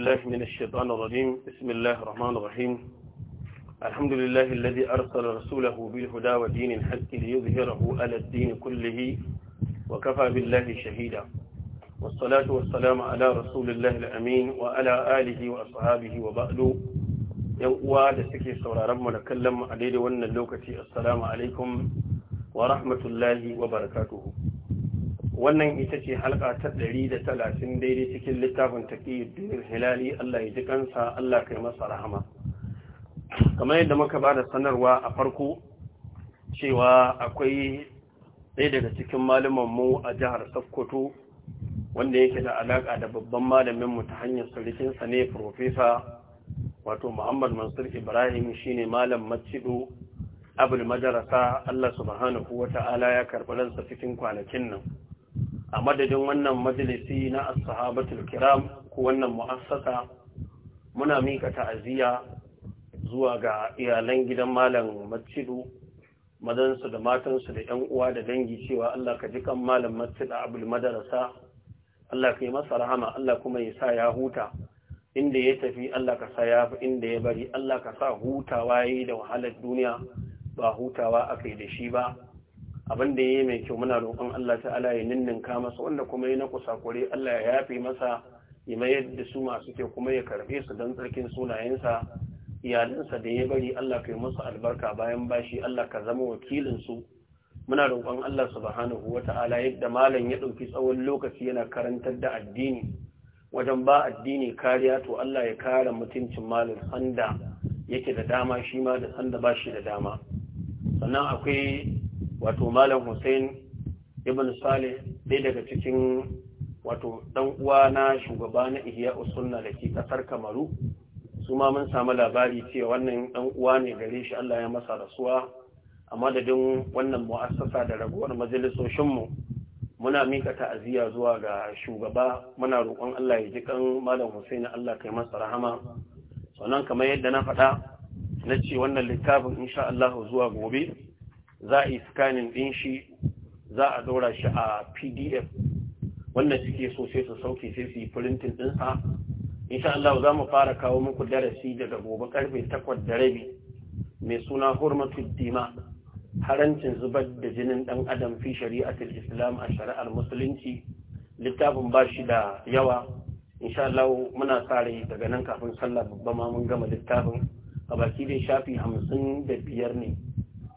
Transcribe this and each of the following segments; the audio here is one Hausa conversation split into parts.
الله من الشيطان الرجيم بسم الله الرحمن الرحيم الحمد لله الذي أرسل رسوله بالهدى ودين الحق ليظهره على الدين كله وكفى بالله شهيدا والصلاة والسلام على رسول الله الأمين وعلى آله وأصحابه وبعد يوء سكي سورة رب ونكلم عليه ون اللوكة السلام عليكم ورحمة الله وبركاته wannan ita ce halka ta ɗari da talatin daidai cikin littafin taƙiyyar hilali Allah ya ji kansa Allah kai masa rahama kamar yadda muka ba da sanarwa a farko cewa akwai ɗaya daga cikin mu a jihar Sokoto wanda yake da alaƙa da babban malaminmu ta hanyar sulikinsa ne profesa wato Muhammad Mansur Ibrahim shine malam macido abul madarasa Allah subhanahu wata'ala ya karɓi ransa cikin kwanakin nan a madadin wannan majalisi na ashabatul kiram ko wannan mu'assasa muna mika ta'aziyya zuwa ga iyalan gidan malam Macidu madansu da matansu da ƴan uwa da dangi cewa Allah ka ji kan malam Macidu Abdul Madarasa Allah ka yi masa rahama Allah kuma ya sa ya huta inda ya tafi Allah ka sa ya fi inda ya bari Allah ka sa hutawa yayi da wahalar duniya ba hutawa akai da shi ba abin da ya yi mai kyau muna roƙon Allah ta'ala ya ninninka masa wanda kuma ya na kusa kusakure Allah ya yafe masa ya mayar da su masu kyau kuma ya karfe su don tsarkin sunayensa iyalinsa da ya bari Allah yi musu albarka bayan bashi Allah ka zama wakilinsu. muna roƙon Allah Su subhanahu wata'ala yadda malam ya ɗauki tsawon lokaci yana karantar da addini wajen ba addini kariya to Allah ya kare mutuncin malam sanda yake da dama shi ma da sanda ba shi da dama sannan akwai wato malam hussein ibn salih ɗaya daga cikin wato 'dan uwa na shugaba na ihya usunna da ke ƙasar kamaru su ma mun samu labari cewa wannan 'dan uwa ne gare shi allah ya masa rasuwa a madadin wannan mu'assasa da raguwar mu muna mika ta'aziyya zuwa ga shugaba muna roƙon allah ya ji kan malam hussein allah kai masa rahama sannan kamar yadda na faɗa na ce wannan littafin insha allah zuwa gobe za a yi scanning ɗin shi za a ɗora shi a pdf wannan suke so sai su sauke sai su yi printing ɗinsa insha Allah za mu fara kawo muku darasi daga gobe karfe takwas da rabi mai suna hurmatu dima harancin zubar da jinin ɗan adam fi shari'atul islam a shari'ar musulunci littafin ba shi da yawa insha Allah muna tsare daga nan kafin sallah babba ma mun gama littafin a baki dai shafi hamsin da biyar ne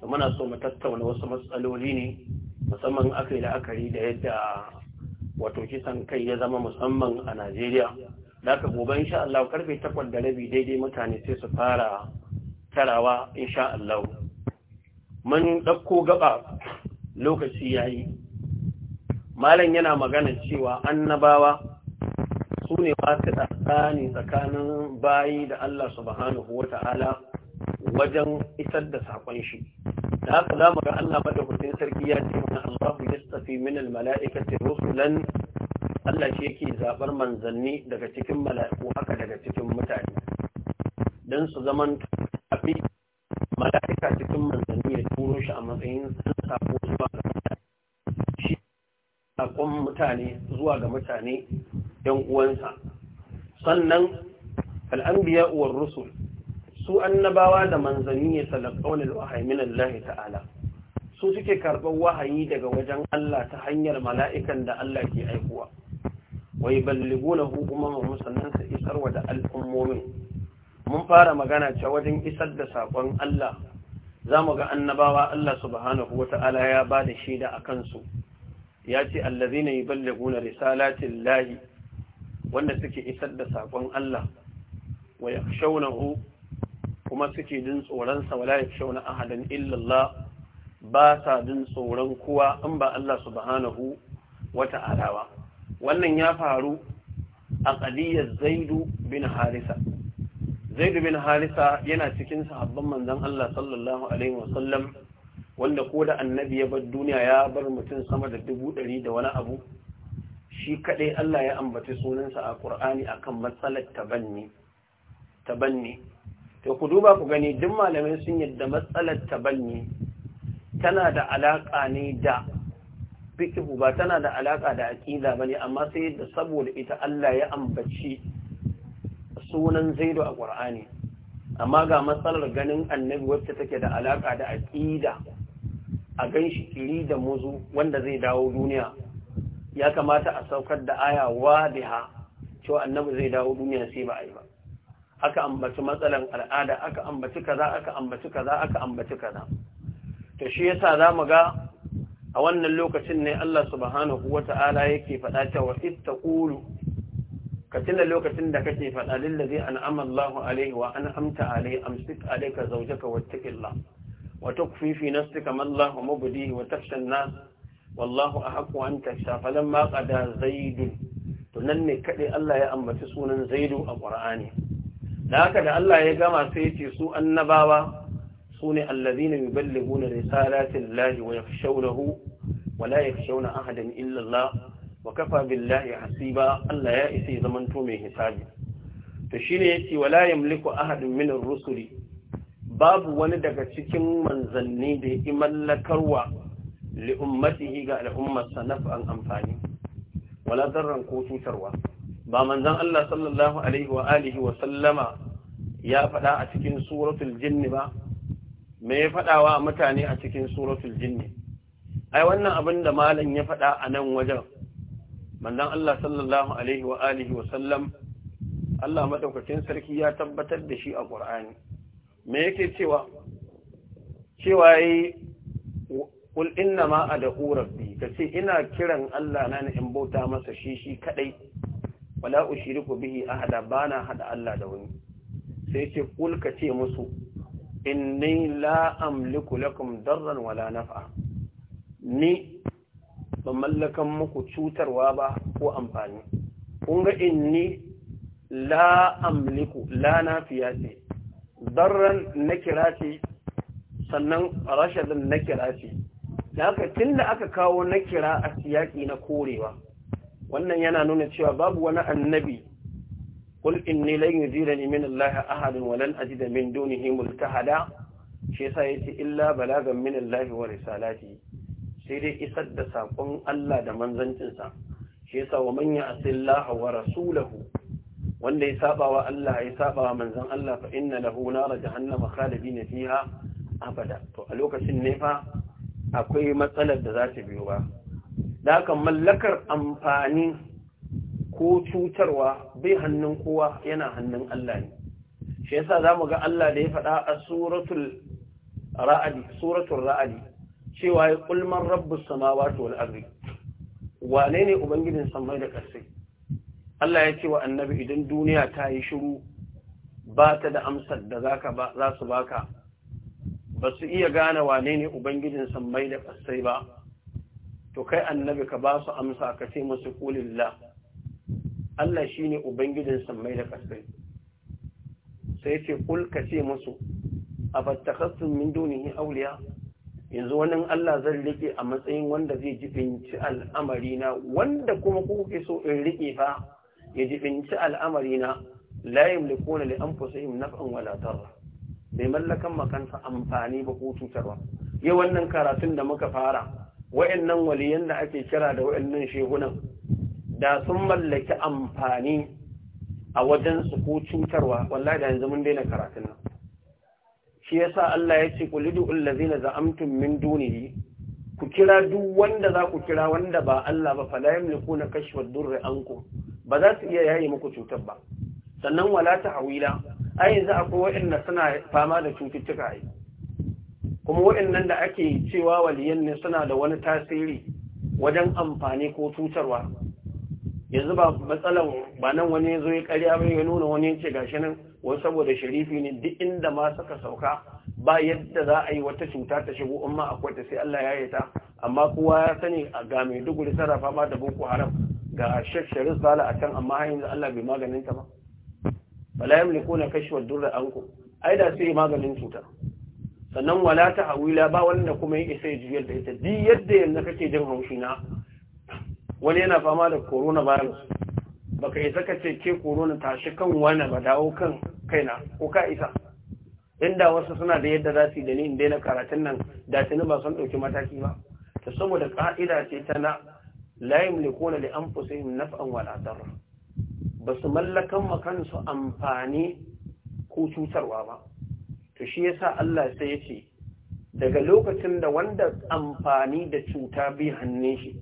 da muna so mu tattauna wasu matsaloli ne musamman aka yi la'akari da yadda wato kisan kai ya zama musamman a najeriya da aka gobe insha Allah karfe takwas da rabi daidai mutane sai su fara tarawa insha Allah mun ɗauko gaba lokaci yayi malam yana magana cewa annabawa su ne wasu tsakani tsakanin bayi da Allah subhanahu Ta'ala wajen isar da saƙon shi da haka za mu ga Allah madaukakin sarki ya ce mana Allah ya tafi min almala'ikati rusulan Allah shi yake zabar manzanni daga cikin mala'iku haka daga cikin mutane dan su zaman abi mala'ika cikin manzanni ya turo shi a matsayin sako zuwa ga mutane shi sakon mutane zuwa ga mutane yan uwansa sannan al-anbiya uwar rusul su annabawa da manzanni ya talaqawna al Allah ta'ala su suke karɓar wahayi daga wajen Allah ta hanyar mala'ikan da Allah ke aikuwa wai balliguna hukumar sannan su isarwa da al'ummomin mun fara magana ce wajen isar da saƙon Allah za mu ga annabawa Allah subhanahu wa ta'ala ya ba da shaida a kansu ya ce allazi ne balliguna risalatin lahi wanda suke isar da saƙon Allah wa ya kuma suke jin tsoron sa wala shauna ahadan illallah, ba sa jin tsoron kowa in ba Allah subhanahu wata'ala ba wannan ya faru a qadiyar Zaidu bin Harisa Zaidu bin Harisa yana cikin sahabban manzon Allah sallallahu alaihi wanda ko da annabi ya bar duniya ya bar mutum sama da dubu ɗari da wani abu shi kaɗai Allah ya ambaci sunansa a ƙur'ani akan matsalar tabanni tabanni to ku duba ku gani duk malamai sun yadda matsalar tabanni tana da alaƙa ne da fikihu ba tana da alaƙa da aƙida ba ne amma sai da saboda ita Allah ya ambaci sunan zaidu a Ƙur'ani. amma ga matsalar ganin annabi wacce take da alaƙa da ƙida a gan shi kiri da muzu wanda zai dawo duniya ya kamata a saukar da aya wadiha cewa annabi zai dawo duniya sai ba a yi ba aka ambaci matsalan al'ada aka ambaci kaza aka ambaci kaza aka ambaci kaza to shi yasa zamu ga a wannan lokacin ne Allah subhanahu wata'ala yake faɗa cewa ittaqulu ka tuna lokacin da kake faɗa lillazi an'ama Allahu alaihi wa an'amta alaihi amsik alayka zawjaka wattaqillah wa tukfi fi nafsika ma Allahu mubdihi wa tafsha an-nas wallahu ahaqqu an tafsha falamma qada zaidun to nan ne kadai Allah ya ambaci sunan zaidu a Qur'ani da haka da Allah ya gama sai ya ce su annabawa su ne allazina yuballighuna risalatin lahi wa yakhshawnahu wa la yakhshawna ahadan illa Allah wa kafa billahi hasiba Allah ya isa ya zamanto mai hisabi to shine yace wala yamliku ahadun min ar-rusuli babu wani daga cikin manzanni da ya mallakarwa li ummatihi ga al'ummarsa naf'an amfani wala darran ko cutarwa ba manzon Allah sallallahu alaihi wa alihi wa sallama ya faɗa a cikin suratul jinni ba me ya faɗawa mutane a cikin suratul jinni ai wannan abin da malam ya faɗa a nan wajen manzon Allah sallallahu alaihi wa alihi wa sallam Allah madaukakin sarki ya tabbatar da shi a Qur'ani me yake cewa cewa yi kul inna ma ad'u rabbi kace ina kiran Allah na in bauta masa shi shi kadai wala ushiriku bihi ahada bana hada Allah da wani sai ce kul ka ce musu inni la amliku lakum darran wala naf'a ni ba mallakan muku cutarwa ba ko amfani kun ga inni la amliku la nafiya ce darran na kira ce sannan rashadin na kira ce da aka tun aka kawo na kira a siyaki na korewa wannan yana nuna cewa babu wani annabi qul inni lan yujirani min allahi ahadun wa lan ajida min dunihi multahada shi yasa yace illa balagan min allahi wa risalati sai dai isar da sakon Allah da manzancinsa shi yasa wa man ya'sillaha wa rasulahu wanda ya saba wa Allah ya saba wa manzon Allah fa inna lahu nar jahannama khalidina fiha abada to a lokacin ne fa akwai matsalar da za ta biyo ba da haka mallakar amfani ko cutarwa bai hannun kowa yana hannun Allah ne shi yasa zamu ga Allah da ya faɗa a suratul ra'adi cewa ya kulman rabbus samawati wal ardi wane ne ubangijin samai da ƙasai Allah ya ce wa annabi idan duniya ta yi shiru ba ta da amsar da za su baka ba su iya gane wane ne ubangijin samai da ƙasai ba to kai annabi ka ba su amsa ka ce musu kulillah Allah shine ubangijin samai da kasai sai ce kul ka ce musu afattakhastum min dunihi awliya yanzu wannan Allah zan rike a matsayin wanda zai jibinci al'amari na wanda kuma kuke so in rike fa ya jibinci al'amari na la yamlikuna li anfusihim naf'an wala darra bai mallakan makansa amfani ba ko cutarwa yau wannan karatun da muka fara wa'annan waliyan da ake kira da wayannan shehunan da sun mallaki amfani a wajen su ko cutarwa wallahi da yanzu mun daina karatun nan shi yasa Allah ya ce qul lidul na za'amtum min dunihi ku kira duk wanda za ku kira wanda ba Allah ba fala na kashfad durri ankum ba za su iya yayi muku cutar ba sannan wala ta'wila ai yanzu akwai wa'anda suna fama da cututtuka ai kuma waɗannan da ake cewa waliyan ne suna da wani tasiri wajen amfani ko cutarwa yanzu ba matsalan ba nan wani zo ya karya ba ya nuna wani ce gashi nan wani saboda sharifi ne duk inda ma suka sauka ba yadda za a yi wata cuta ta shigo in ma akwai ta sai Allah ya yi ta amma kowa ya sani ga mai duguri sarrafa ba da boko haram ga shaksharin zala a can amma hanyar yanzu Allah bai maganin ta ba bala yamlikuna kashwa durra ku ai da sai maganin cutar sannan wala ta hawila ba wanda kuma ya isa ya juyar da ita di yadda yanzu kake jin haushi na wani yana fama da coronavirus baka isa ka ce ke corona tashi kan wani ba dawo kan kaina ko ka isa inda wasu suna da yadda za su yi da ni in daina karatun nan da tuni ba sun ɗauki mataki ba ta saboda ƙa'ida ce ta na layin likona da an fusa naf'an wadatar, ba su mallakan makansu amfani ko cutarwa ba to shi yasa Allah sai ya ce daga lokacin da wanda amfani da cuta bi hannun shi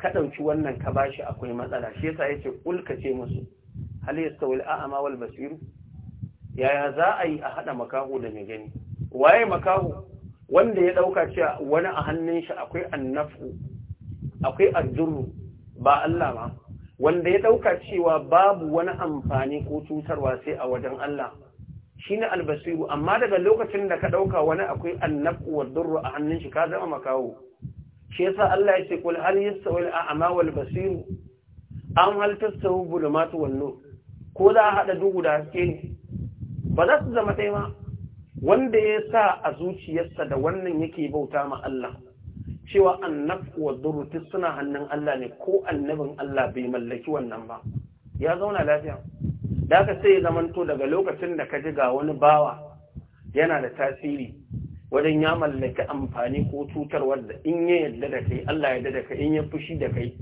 ka ɗauki wannan ka bashi akwai matsala shi yasa yace kulka musu hal yastawil a'ma wal basir yaya za a yi a hada makaho da mai gani waye makaho wanda ya dauka cewa wani a hannun shi akwai annafu akwai addurru ba Allah ba wanda ya dauka cewa babu wani amfani ko cutarwa sai a wajen Allah shine albasiru amma daga lokacin da ka dauka wani akwai annabu wa durru a hannun shi ka zama makawo shi yasa Allah ya ce kul hal yastawi al-a'ma wal basir am hal tastawi bulumatu wan nur ko za a hada duhu da haske ne ba za su zama dai ma wanda ya sa a zuciyarsa da wannan yake bauta ma Allah cewa annabu wa durru suna hannun Allah ne ko annabin Allah bai mallaki wannan ba ya zauna lafiya da ka sai zamanto daga lokacin da ka ji ga wani bawa yana da tasiri wajen ya mallaki amfani ko cutarwar da in ya yadda da kai Allah ya yarda in ya fushi da kai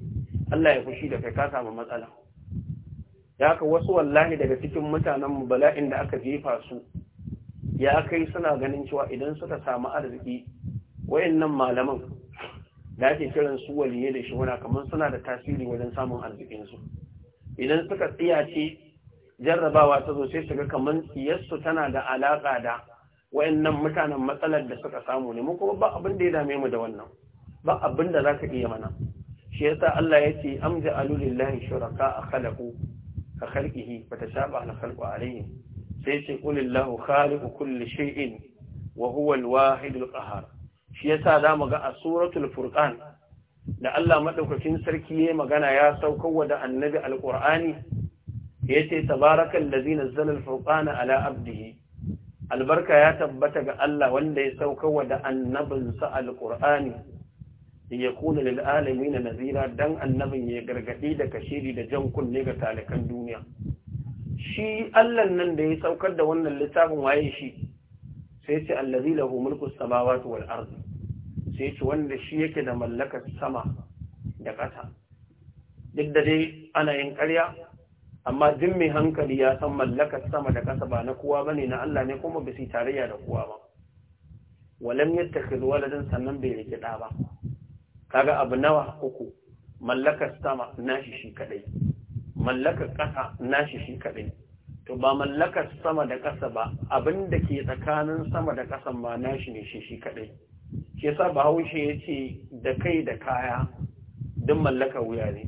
Allah ya fushi da kai ka samu matsala ya ka wasu wallahi daga cikin mutanen mu bala'in da aka jefa su ya kai suna ganin cewa idan suka samu arziki wayannan malaman da ake kiran su waliye da shi wani kamar suna da tasiri wajen samun arzikin su idan suka tsiyace jarrabawa ta zo sai su ga kamar su tana da alaƙa da wa'annan mutanen matsalar da suka samu ne mu kuma ba abin da ya dame mu da wannan ba abin da za ka iya mana shi sa Allah ya ce am ja'alu shuraka a khalaqu ka khalqihi fa tashabaha al khalqu alayhi sai ce qul illahu khaliqu kulli shay'in wa huwa al wahid al Qahar. shi za zamu ga a suratul furqan da Allah madaukakin sarki yayi magana ya saukar wa da annabi alqur'ani yace tabarakal ladzi nazzala al-furqana ala abdihi albarka ya tabbata ga Allah wanda ya sauka wa da annabinsa da ya kuna lil alamin nazira dan annabin ya gargaɗi da kashiri da jan kunne ga talikan duniya shi Allah nan da ya saukar da wannan littafin waye shi sai ce allazi lahu mulku samawati wal ardi sai ce wanda shi yake da mallakar sama da ƙasa duk da dai ana yin ƙarya amma jin mai hankali ya san mallakar sama da kasa ba na kowa bane na Allah ne kuma ba su tarayya da kowa ba walam yattakhidh waladan sannan bai rike da ba kaga abu nawa uku mallakar sama nashi shi kadai mallakar kasa nashi shi kadai to ba mallakar sama da kasa ba abin da ke tsakanin sama da ƙasa ma nashi ne shi shi kadai shi yasa bahaushe yace da kai da kaya duk mallakar wuya ne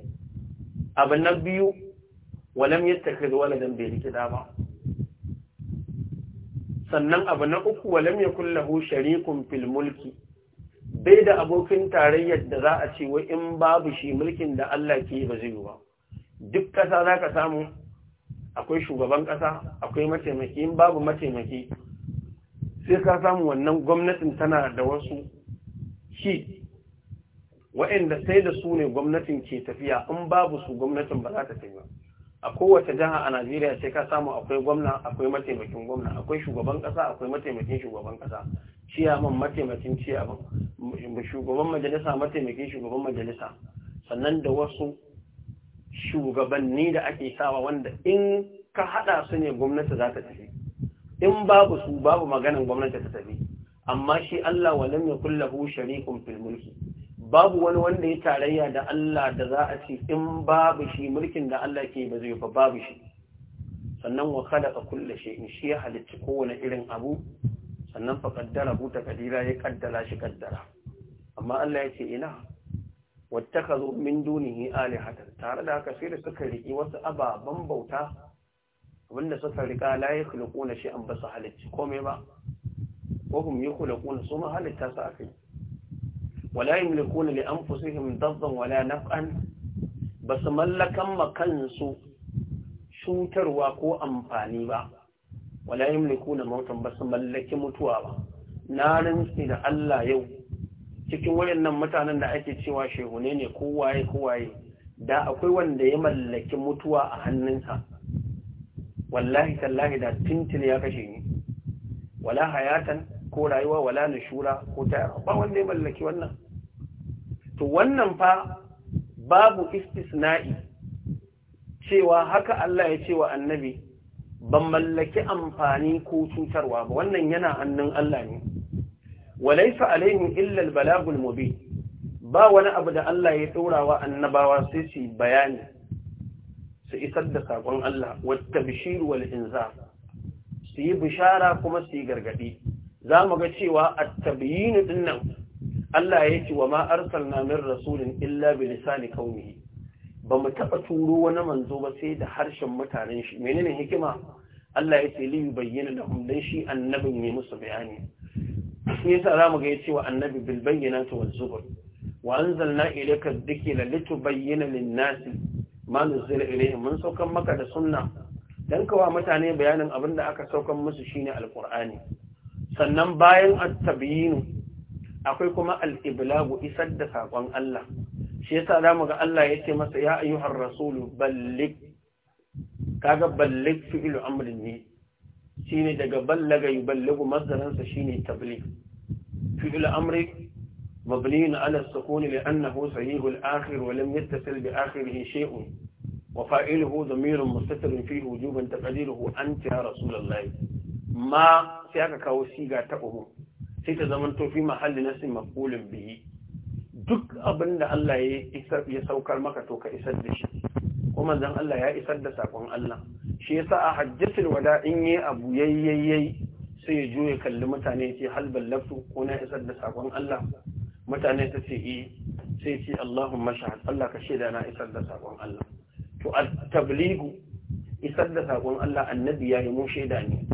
abu na biyu walam yattakhidh waladan bai riki ba sannan abu na uku walam yakul lahu sharikun fil mulki bai da abokin tarayyar da za a ce wai in babu shi mulkin da Allah ke ba zai ba duk kasa zaka samu akwai shugaban kasa akwai mataimaki in babu mataimaki sai ka samu wannan gwamnatin tana da wasu shi wa'anda sai da su ne gwamnatin ke tafiya in babu su gwamnatin ba za ta tafi ba a kowace jiha a Najeriya sai ka samu akwai gwamna akwai mataimakin gwamna akwai shugaban kasa akwai mataimakin shugaban kasa ciyaman mataimakin ciyaman shugaban majalisa mataimakin shugaban majalisa sannan da wasu shugabanni da ake sawa wanda in ka hada su ne gwamnati za ta tafi in babu su babu maganan gwamnati ta tafi amma shi Allah walam yakullahu lahu sharikun fil mulki babu wani wanda ya tarayya da Allah da za a ce in babu shi mulkin da Allah ke ba zai ba babu shi sannan wa khalaqa ka shay'in shi ya halicci kowane irin abu sannan fa qaddara buta taqdira ya kaddara shi kaddara amma Allah ya ce ina wattakhadhu min dunihi alihatan tare da haka sai da suka riki wasu ababan bauta wanda suka rika la yakhluquna shay'an ba su halicci komai ba ko hum yakhluquna su ma halitta su akai wala yamlikuna li anfusihim darran wala naf'an basu mallakan makansu cutarwa ko amfani ba wala yamlikuna mautan basu mallaki mutuwa ba na rantsi da Allah yau cikin wayannan mutanen da ake cewa shehune ne kowaye kowaye da akwai wanda ya mallaki mutuwa a hannunsa wallahi tallahi da tintin ya kashe ni wala hayatan ko rayuwa wala shura ko ta ba wanda ya mallaki wannan to wannan fa babu istisna'i cewa haka Allah ya ce wa annabi ban mallaki amfani ko cutarwa ba wannan yana hannun Allah ne walaysa alaihim illa albalagul mubin ba wani abu da Allah ya tsora wa annabawa sai su bayani su isar da saƙon Allah wata bishiru wal inzar su yi bishara kuma su yi gargadi za mu ga cewa a tabiyin din Allah ya ce wa ma arsalna min rasulin illa bi lisani qaumihi ba mu taba turo wani manzo ba sai da harshen mutanen shi menene hikima Allah ya ce li yubayyana lahum dan shi annabin ne musu bayani shi yasa za mu ga ya ce wa annabi bil bayyinati wal zubur wa anzalna ilayka dhikra litubayyana lin-nasi ma nuzila mun saukan maka da sunna dan kawa mutane bayanin abin da aka saukan musu shine alqur'ani sannan bayan attabiyinu akwai kuma al’ibulagu isar da saƙon Allah shi ya ga Allah ya ce masa ya ayyuhar rasulu ballik kaga ballik fi’ilu amrin ne shi ne daga ballaga yi ballagu shi ne tablik fi’ilu amri mabliyin ala sukuni da annahu sahihul akhir walim yadda salbi akhir yin shehu wa fa’iluhu zamirin musattarin fi hujjuban taƙadiruhu an tiya rasulallah ma sai aka kawo siga ta uhu sai ta zama tofi mahalli na sin maqulun bihi duk abin da Allah ya saukar maka to ka isar da shi kuma zan Allah ya isar da sakon Allah shi yasa a hajjatul wada in yi abu yayyayyay sai ya juye kalli mutane ya ce hal ballaftu ko na isar da sakon Allah mutane ta ce eh sai ce Allahumma shahad Allah ka shaida na isar da sakon Allah to at tabligu isar da sakon Allah annabi ya yi mu shaida ne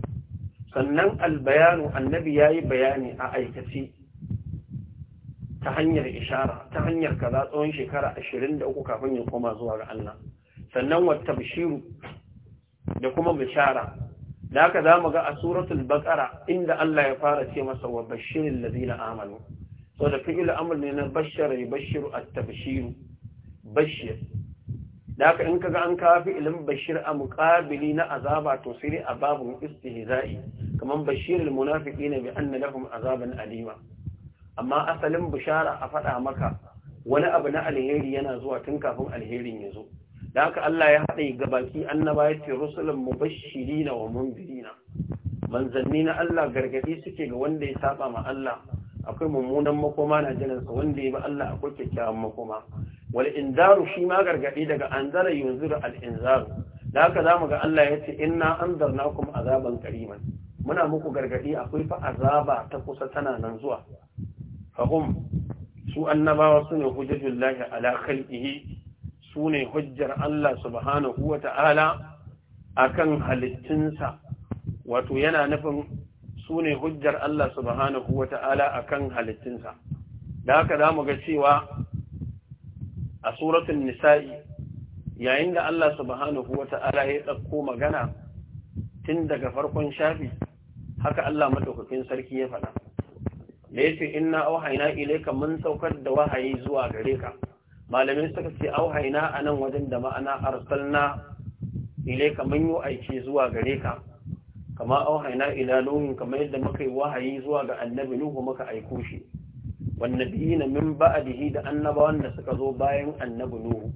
sannan albayanu annabi ya yi bayani a aikace ta hanyar ishara ta hanyar kaza tsawon shekara ashirin da uku kafin ya koma zuwa ga Allah sannan wata bishiru da kuma bishara da aka za mu ga a suratul baqara inda Allah ya fara ce masa wa bashirin ladina amanu so da fi'il amr ne na bashara yubashiru at bashir da aka in kaga an kawo fi'ilin bashir a muqabili na azaba to sai a babu istihza'i kaman bashirul na bi anna lahum azaban alima amma asalin bishara a faɗa maka wani abu na alheri yana zuwa tun kafin alherin ya zo da haka Allah ya haɗe gabaki annaba ya ce rusulun mubashirina wa munzirina manzanni na Allah gargadi suke ga wanda ya saba ma Allah akwai mummunan makoma na jinansa wanda ya ba Allah akwai kyakkyawan makoma wal inzaru shi ma gargadi daga anzara yunziru al inzaru da haka zamu ga Allah ya ce inna anzarnakum azaban kariman muna muku gargadi akwai fa azaba ta kusa tana nan zuwa fahum su annabawa sune hujjatullahi ala khalqihi sune hujjar Allah subhanahu wata'ala akan halittinsa. wato yana nufin sune hujjar Allah subhanahu wata'ala akan halittinsa. da haka zamu ga cewa a suratul nisa'i yayin da Allah subhanahu wata'ala ya dauko magana tun daga farkon shafi haka Allah madaukakin sarki ya faɗa da yace inna awhayna ilayka mun saukar da wahayi zuwa gare ka Malamin suka ce awhayna anan wajen da ma'ana arsalna ilayka mun yi aiki zuwa gare ka kama awhayna ila nuhin kamar yadda muka yi wahayi zuwa ga annabi nuhu muka aiko shi nabiyina min ba'dihi da annabawan da suka zo bayan annabi nuhu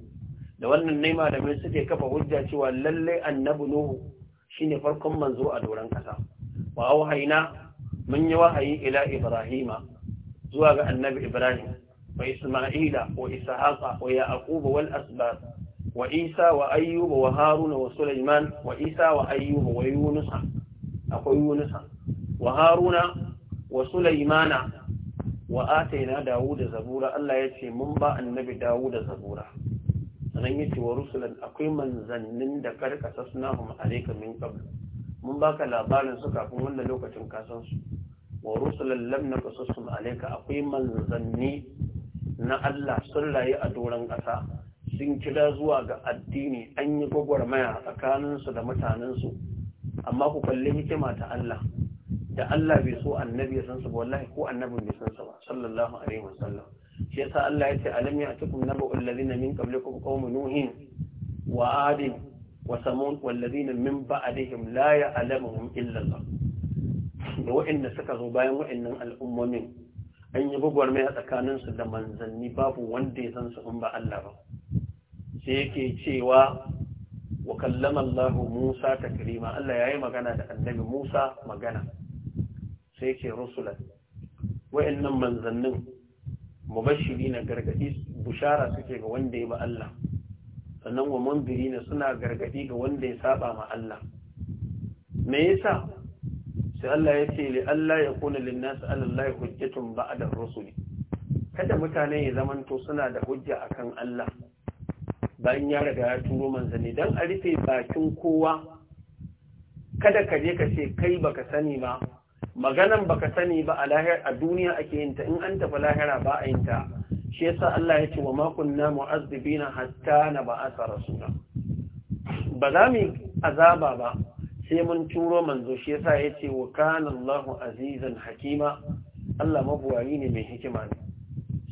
da wannan ne malamin suke kafa hujja cewa lalle annabi nuhu shine farkon manzo a doran kasa wa auhayna mun yi wahayi ila ibrahima zuwa ga annabi ibrahim wa isma'ila wa ishaqa wa yaqub wal asbab wa isa wa ayyub wa haruna wa sulaiman wa isa wa ayyub wa yunus akwai yunus wa haruna wa sulaimana wa atayna dawuda zabura Allah yace mun ba annabi dawuda zabura sanan yace wa rusulan akwai manzannin da karkasa sunahum alayka min qabl mun baka labarin su kafin wannan lokacin kasan su wa rusulan lam naqsusum alayka akwai manzanni na Allah sun rayu a doron ƙasa sun kira zuwa ga addini an yi gwagwarmaya tsakanin su da mutanen su amma ku kalli hikima ta Allah da Allah bai so annabi ya san su wallahi ko annabin bai san su ba sallallahu alaihi wasallam shi yasa Allah ya ce alam ya'tikum naba'ul ladina min qablikum qaumun nuhin wa adin وثمون والذين من بعدهم لا illalla. إلا الله وإن zo bayan وإن الأمم an yi gwagwarmaya tsakaninsu da manzanni babu wanda ya san su in ba Allah ba sai yake cewa wa kallama Allah Musa Karima Allah ya yi magana da annabi Musa magana sai yake rusulan wayannan manzannin na gargadi bushara suke ga wanda ya ba Allah sannan wa ne suna gargadi ga wanda ya saba ma Allah me yasa sai Allah ya ce li Allah ya kuna lin nas alallahi hujjatun ba'da rusuli kada mutane ya zamanto suna da hujja akan Allah bayan ya riga ya turo manzanni dan a rufe bakin kowa kada ka je ka ce kai baka sani ba maganan baka sani ba a lahira a duniya ake yin ta in an tafi lahira ba a yin ta shi yasa Allah ya ce wa ma kunna mu'azzibina hatta na ba'atha rasula ba za mu azaba ba sai mun turo manzo shi yasa ya ce wa kana Allahu azizan hakima Allah mabuwayi ne mai hikima ne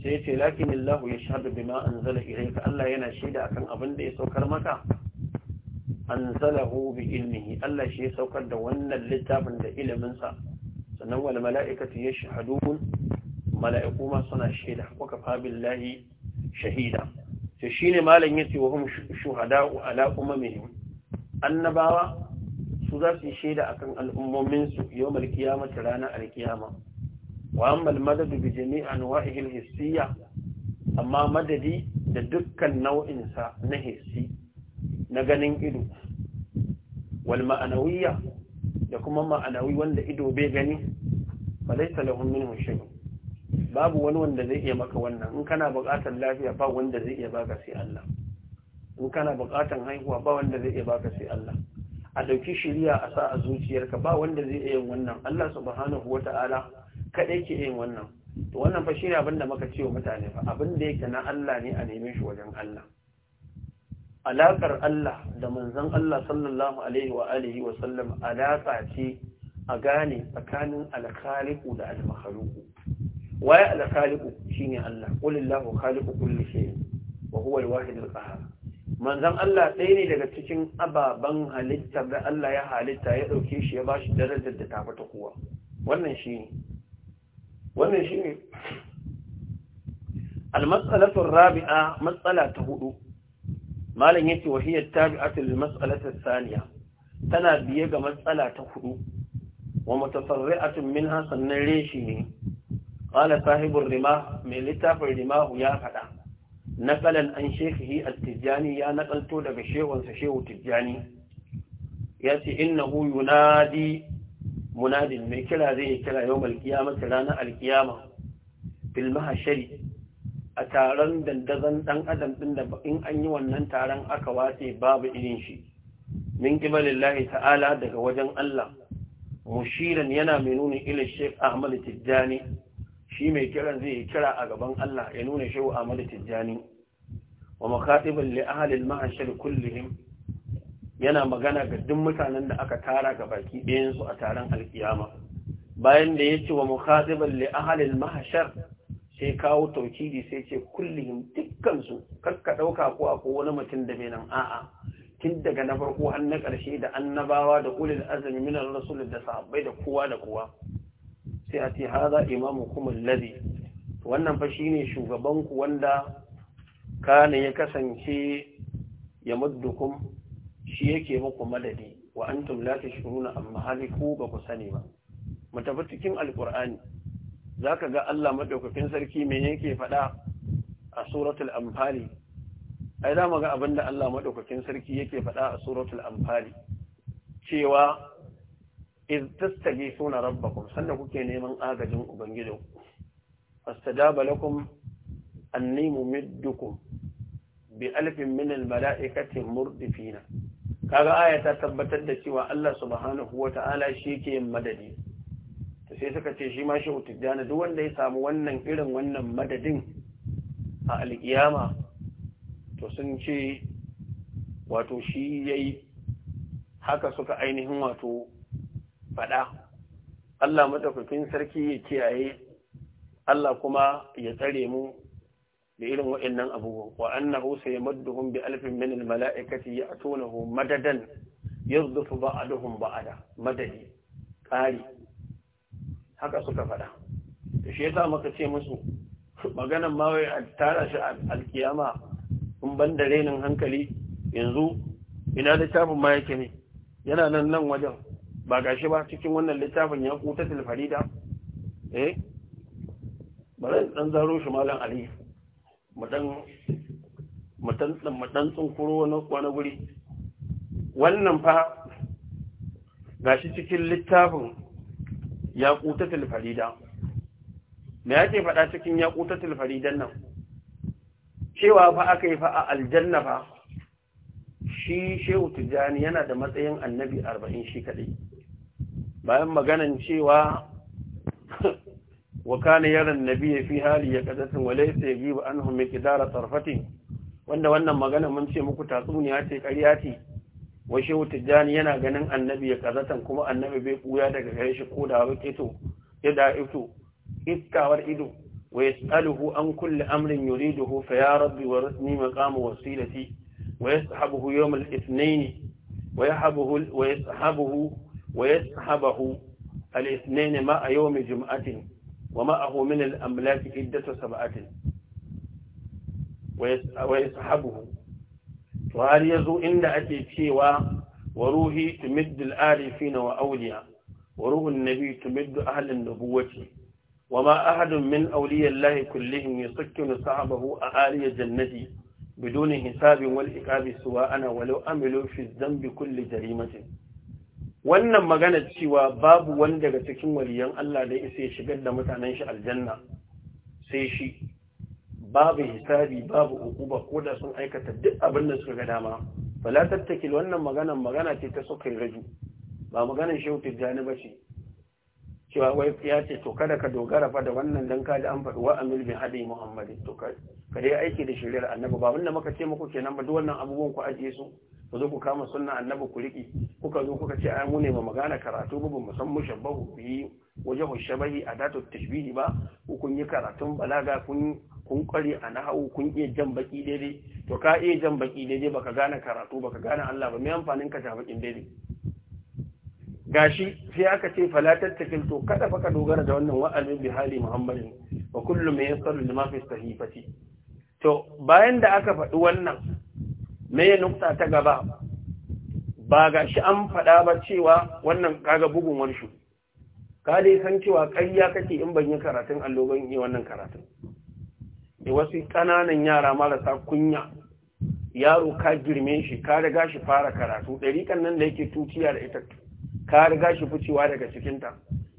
sai ya ce lakin Allah ya shahadu bima anzala ilayka Allah yana shaida akan abin da ya saukar maka anzalahu bi ilmihi Allah shi ya saukar da wannan littafin da iliminsa sannan wal mala'ikatu yashhadun mala'iku ma suna shaida kuka kafa billahi shahida shi ne malam yace wa hum shuhada'u ala umamihim annabawa su za su shaida kan al'ummomin su malkiya mata ranar alkiyama wa amma al-madad bi jami'i anwa'ihi amma madadi da dukkan nau'insa na hissi na ganin ido wal ma'anawiya da kuma ma'anawi wanda ido bai gani fa laysa lahum minhu shay'un babu wani wanda zai iya maka wannan in kana buƙatar lafiya ba wanda zai iya baka sai Allah in kana buƙatar haihuwa ba wanda zai iya baka sai Allah a ɗauki shirya a sa a zuciyarka ba wanda zai iya yin wannan Allah subhanahu wata'ala kaɗai ke yin wannan to wannan fa shine abin muka ce wa mutane fa abin da yake na Allah ne a neme shi wajen Allah Alakar Allah da manzon Allah sallallahu alaihi wa alihi wa sallam alaƙa ce a gane tsakanin alkhaliqu da almakhluqu waya al khaliqu shine Allah qulillahu khaliqu kulli shay'in wa huwa al-wahid al-qahhar Allah ɗaya ne daga cikin ababan halitta da Allah ya halitta ya dauke shi ya bashi darajar da ta fata kowa wannan shine wannan shine al-mas'alatu ar-rabi'a mas'ala ta hudu malam yace wa hiya tabi'atu lil-mas'alati ath-thaniya tana biye ga matsala ta hudu wa mutafarri'atun minha sannan reshi ne قال صاحب الرماح من لتاف الرماح يا فدا نقلا عن a Tijjani ya نقلتو daga shehunsa shehu tijani yace innahu yunadi munadin mai kira zai kira yawmal qiyamah ranar alqiyama fil mahshari a taron dandazon ɗan adam ɗin da in an yi wannan taron aka wace babu irin shi min Lillahi ta'ala daga wajen Allah mushiran yana mai nuni ila Sheikh Ahmadu Tijjani shi mai kiran zai kira a gaban Allah ya nuna shehu Ahmad Tijjani wa makatibin li ahli al yana magana ga duk mutanen da aka tara ga baki ɗayansu a taron alkiyama bayan da yace wa mukhatiban li ahli al sai kawo taukidi sai ce kullihim dukkan su karka dauka ko akwai wani mutum da bai nan a'a tun daga na farko har na ƙarshe da annabawa da ulil azmi minar ar-rasul da sahabbai da kowa da kowa sai a ce haza imamu kuma ladi wannan fa shine shugabanku wanda kana ya kasance ya muddukun shi yake muku madadi wa antum la tashkuruna amma ku ba ku sani ba mu tafi cikin alqur'ani zaka ga Allah maɗaukakin sarki me yake faɗa a suratul amfani? ai za mu ga abinda Allah maɗaukakin sarki yake faɗa a suratul amfani. cewa iz tastaghithuna rabbakum sannan kuke neman agajin ubangijinku fastajaba lakum anni mumiddukum bi alfin min almalaikati murdifina kaga aya ta tabbatar da cewa Allah subhanahu wata'ala shi ke madadi to sai suka ce shi ma shi utijjana duk wanda ya samu wannan irin wannan madadin a alkiyama to sun ce wato shi yayi haka suka ainihin wato faɗa Allah madaukakin sarki ya kiyaye Allah kuma ya tsare mu da irin waɗannan abubuwan wa ya sayamadduhum bi alfin min al mala'ikati ya'tunahu madadan yadhufu ba'duhum ba'ada, madadi ƙari haka suka faɗa da shi yasa muka ce musu maganan ma wai a tara shi alkiyama in ban da renin hankali yanzu ina littafin ma yake ne yana nan nan wajen ba gashi ba cikin wannan littafin ya kuta tilfarida eh bari dan zaro shi malam ali mu dan dan mu tsunkuro wani wani guri wannan fa gashi cikin littafin ya kuta tilfarida me yake faɗa cikin ya kuta tilfaridan nan cewa fa aka yi fa a aljanna fa shi shehu tijjani yana da matsayin annabi arba'in shi kadai. bayan maganan cewa wa kana yaran nabi fi hali ya kadatin wa laysa yajibu anhum miqdara tarfatin wanda wannan magana mun ce muku tatsuniya ce ƙarya ce wa shehu tijjani yana ganin annabi ya kazatan kuma annabi bai buya daga gare shi ko da wuce to ya da ifto iskawar ido wa yas'aluhu an kulli amrin yuriduhu fa ya rabbi waritni maqama wasilati wa yashabuhu yawm al-ithnain wa yahabuhu wa yashabuhu ويسحبه الاثنين ماء يوم جمعة وماءه من الأملاك عدة سبعة ويسحبه وهل يزو إن أتي سوى وروحي تمد الآلفين وأولياء وروح النبي تمد أهل النبوة وما أحد من أولياء الله كلهم يسكن صعبه أعالي جنتي بدون حساب والإقاب سواء ولو أملوا في الذنب كل جريمة wannan magana cewa babu wani daga cikin waliyan Allah da isa ya shigar da mutanen shi aljanna sai shi babu hisabi babu hukuma ko da sun aikata duk abin da suka ga dama fala tattakil wannan magana magana ce ta suka raju ba maganar shehu tijjani ba ce cewa wai ya ce to kada ka dogara fa da wannan dan ka da an faɗi wa amil bin hadi muhammadi to ka dai aiki da shiriyar annabi ba wanda muka ce muku kenan ba duk wannan abubuwan ku ajiye su ku zo ku kama sunna annabi ku riki kuka zo kuka ce ai mu ne ba magana karatu ba mu san mushabbahu ku yi wajahu shabahi adatu tashbihi ba ku kun yi karatun balaga kun kun kware a nahawu kun iya jan baki daidai to ka iya jan baki daidai baka gane karatu baka gane Allah ba me amfanin ka ta bakin daidai gashi sai aka ce fala tattakin to kada fa ka dogara da wannan wa'alin bi hali muhammadin wa kullu ma yasalu lima fi sahifati to bayan da aka faɗi wannan me nukta ta gaba ba gashi an faɗa ba cewa wannan kaga bugun warshu ka dai san cewa ƙarya kake in ban yi karatun allo ban yi wannan karatun da wasu kananan yara marasa kunya yaro ka girme shi ka riga shi fara karatu kan nan da yake tuciya da ita ka riga shi ficewa daga cikinta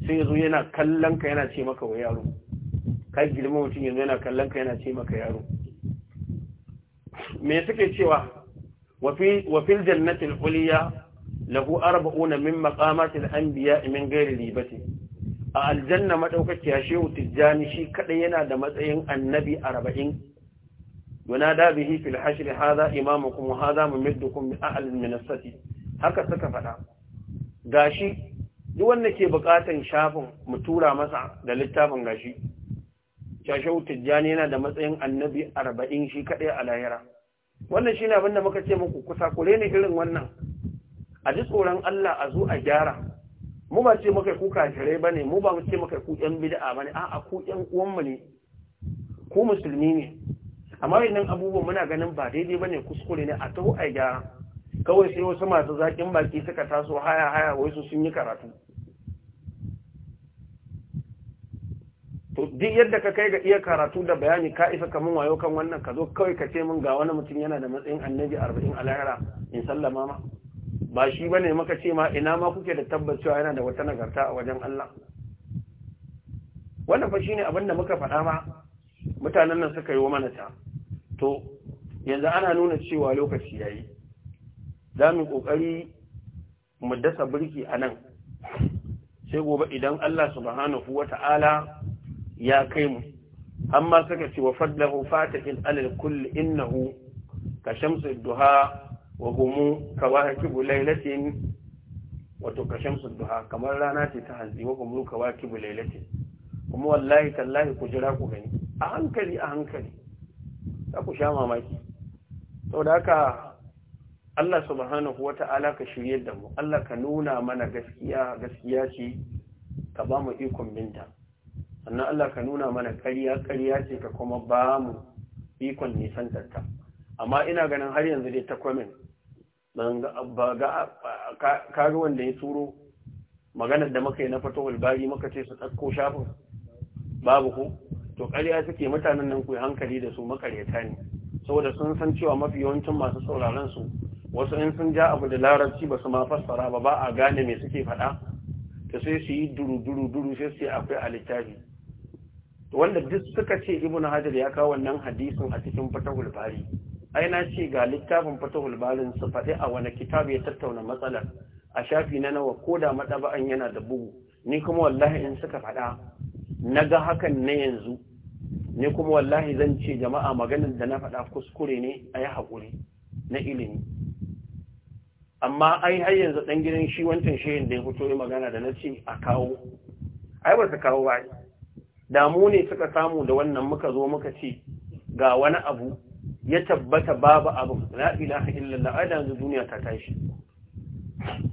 sai ya yana kallon ka yana ce maka wa yaro ka girma mutum yanzu yana kallon ka yana ce maka yaro me suke cewa wa fil jannati al-uliya lahu arba'una min maqamati al-anbiya min ghairi libati a aljanna madaukakiya shehu tijjani shi kadai yana da matsayin annabi 40 yunada bihi fil hashr hadha imamukum wa hadha mumiddukum bi a'lin min as haka suka faɗa. gashi duk wanda ke bukatan shafin mu tura masa da littafin gashi shashau tijjani yana da matsayin annabi arba'in shi kaɗai a lahira wannan shi ne abin da muka ce muku kusa kure ne irin wannan a ji tsoron Allah a zo a gyara mu ba ce muka ku shirai ba ne mu ba mu ce muka ku ƴan bida'a ba ne a'a ku ƴan uwanmu ne ku musulmi ne amma nan abubuwan muna ganin ba daidai ba ne kuskure ne a taho a gyara kawai sai wasu masu zakin baki suka taso haya haya wai su sun yi karatu to duk yadda ka kai ga iya karatu da bayani ka isa kamun wayo kan wannan ka zo kawai ka ce min ga wani mutum yana da matsayin annabi arba'in a in sallama ma ba shi ba ne maka ce ma ina ma kuke da tabbacewa yana da wata nagarta a wajen Allah wannan fa shine abin da muka faɗa ma mutanen nan suka yi wa mana ta to yanzu ana nuna cewa lokaci yayi za mu ƙoƙari mu dasa birki a nan sai gobe idan Allah subhanahu wa ta'ala ya kai mu amma suka ce wa fadlahu fatihin alal kulli innahu ka shamsu duha wa gumu ka kibu lailatin wato ka shamsu duha kamar rana ce ta hanzi wa gumu ka kibu lailatin kuma wallahi tallahi ku jira ku gani a hankali a hankali za ku sha mamaki sau da haka Allah subhanahu wa ta'ala ka shirye da mu Allah ka nuna mana gaskiya gaskiya ce ka ba mu ikon binta sannan Allah ka nuna mana ƙarya ƙarya ce ka kuma ba mu ikon nisantarta amma ina ganin har yanzu dai ta kwamin ba ga kaga wanda ya turo maganar da muka yi na fatowar bari muka ce su ɗauko shafin babu ku to ƙarya suke mutanen nan ku hankali da su makaryata ne saboda sun san cewa mafi yawancin masu sauraron su wasu in sun ja abu da larabci ba su ma fassara ba ba a gane me suke faɗa Ta sai su yi duru duru duru sai su yi akwai a littafi wanda duk suka ce ibn hajar ya kawo wannan hadisin a cikin fatahul bari ai na ce ga littafin fatahul su faɗi a wani kitabu ya tattauna matsalar a shafi na nawa ko da maɗaba'an yana da bugu ni kuma wallahi in suka faɗa na ga hakan na yanzu ni kuma wallahi zan ce jama'a maganin da na faɗa kuskure ne a yi haƙuri na ilimi amma ai har yanzu dan gidan shi wancan shehin da ya fito yi magana da na ce a kawo ai ba su kawo ba damu ne suka samu da wannan muka zo muka ce ga wani abu ya tabbata babu abu la ilaha illallah ai da yanzu duniya ta tashi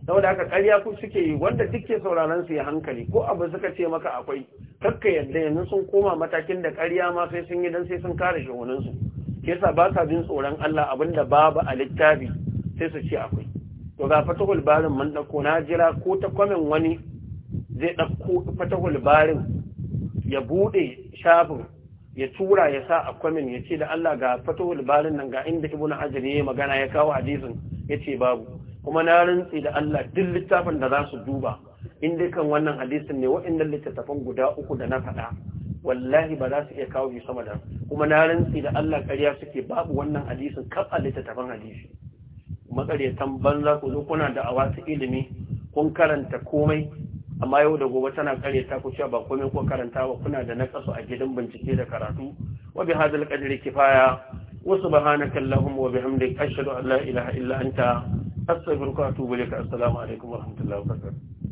saboda haka ƙarya ku suke yi wanda duke sauraron su ya hankali ko abu suka ce maka akwai kakka yadda yanzu sun koma matakin da ƙarya ma sai sun yi dan sai sun kare shagunan su sa ba ka bin tsoron Allah abinda babu a littafi sai su ce akwai to ga fata barin mun dauko na jira ko ta kwamin wani zai dauko fata barin ya bude shafin ya tura ya sa a kwamin ya ce da Allah ga fata barin nan ga inda ibnu hajar yayi magana ya kawo hadisin ce babu kuma na rantsi da Allah duk littafin da za su duba in dai kan wannan hadisin ne waɗannan littattafan guda uku da na faɗa wallahi ba za su iya kawo shi sama da kuma na rantsi da Allah ƙarya suke babu wannan hadisin kafa littattafan hadisi makaryatan banza ku zo kuna da awa ilimi kun karanta komai amma yau da gobe tana karyata ku cewa ba komai ko karanta ba kuna da na kasu a gidan bincike da karatu wa bi hadal qadri kifaya wa subhanaka allahumma wa bihamdika ashhadu an la ilaha illa anta astaghfiruka wa atubu ilaik assalamu alaikum wa rahmatullahi wa barakatuh